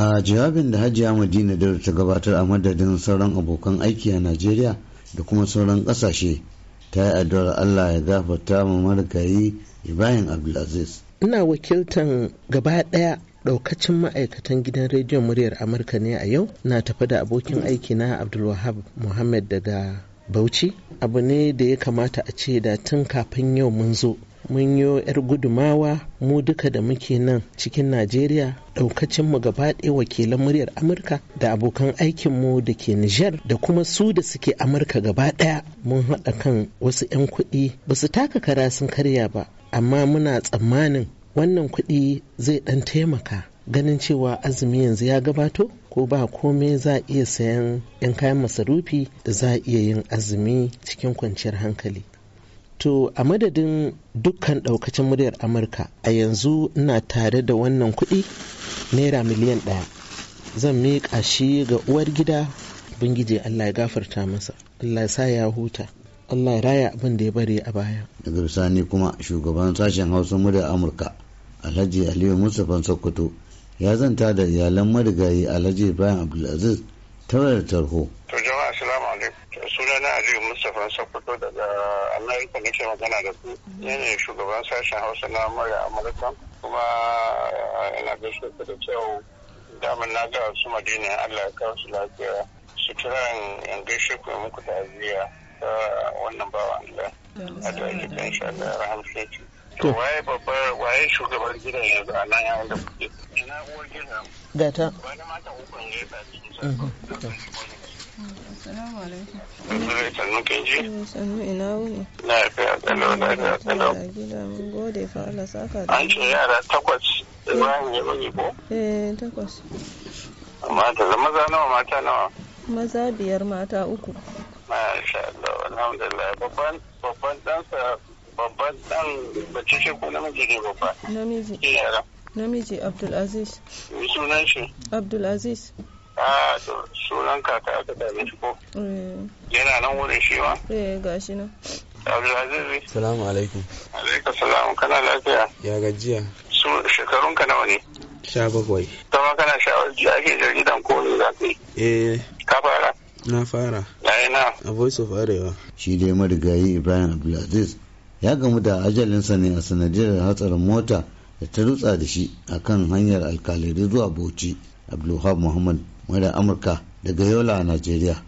a jawabin da hajiya madina da ta gabatar a madadin sauran abokan aiki a najeriya da kuma sauran kasashe ta yi addu'ar allah ya gafarta ma marigayi ibrahim abdulaziz ina wakiltan gaba daya daukacin ma'aikatan gidan rediyon muryar amurka ne a yau na tafi da abokin aiki na abdulwahab muhammad daga bauchi abu ne da ya kamata a ce da tun kafin yau mun zo mun yi 'yar gudumawa mu duka da muke nan cikin najeriya ɗaukacinmu gaba ɗaya wakilan muryar amurka da abokan aikinmu da ke nijar da kuma su da suke amurka gaba ɗaya mun haɗa kan wasu 'yan kuɗi ba su taka kara sun karya ba amma muna tsammanin wannan kuɗi zai ɗan taimaka ganin cewa azumi yanzu ya gabato ko ba kome za a iya sayan 'yan kayan masarufi da za a iya yin azumi cikin kwanciyar hankali To a madadin dukkan ɗaukacin muryar Amurka a yanzu ina tare da wannan kuɗi naira miliyan ɗaya. Zan miƙa shi ga uwar gida Ubangiji Allah ya gafarta masa, Allah ya sa ya huta, Allah ya raya abin da ya bari a baya. Daga bisani kuma shugaban sashen Hausa muryar Amurka Alhaji Aliyu Mustapha Sokoto ya zanta da iyalan marigayi Alhaji bayan Abdulaziz ta tarho. alaikum. Sunana Aliyu Mustapha Sokoto daga Amerika nake magana da ne shugaban sashen Hausa na Amurka Amurka kuma eh, ina gaishe ku da kyau. Damar na ga su Madina Allah ya kawo su lafiya. gaishe ku muku ta wannan Allah. A da kan rahamshe To waye waye gidan yanzu a nan da kuke. Ina uwar gidan. Wani mata hukun ne cikin sa. Assalamu alaikum. Zai gode fa Allah saka da. An ce yara takwas ko? Eh takwas. maza nawa mata nawa? Maza biyar mata uku. Masha Allah alhamdulillah babban babban ɗansa babban ɗan bace shi ko namiji ne babba. Namiji. Namiji Abdulaziz. Sunan shi? aziz. kaka ah, da sunan kaka aka same shi ko mm. yana nan wurin shi ma eh gashi nan Abdulaziz Salamu alaikum Alaikum salam kana lafiya Ya gajiya Shekarun ka nawa ne Sha bakwai Kama kana sha ake jaridan ko ne za ka yi Eh Ka fara Na fara Aina A Voice of Arewa Shi dai marigayi Ibrahim Abdulaziz ya gamu da ajalinsa ne a sanadiyar hatsarin mota da ta rutsa da shi a kan hanyar alkalari zuwa bauchi abdulwahab muhammad murar amurka daga yola a najeriya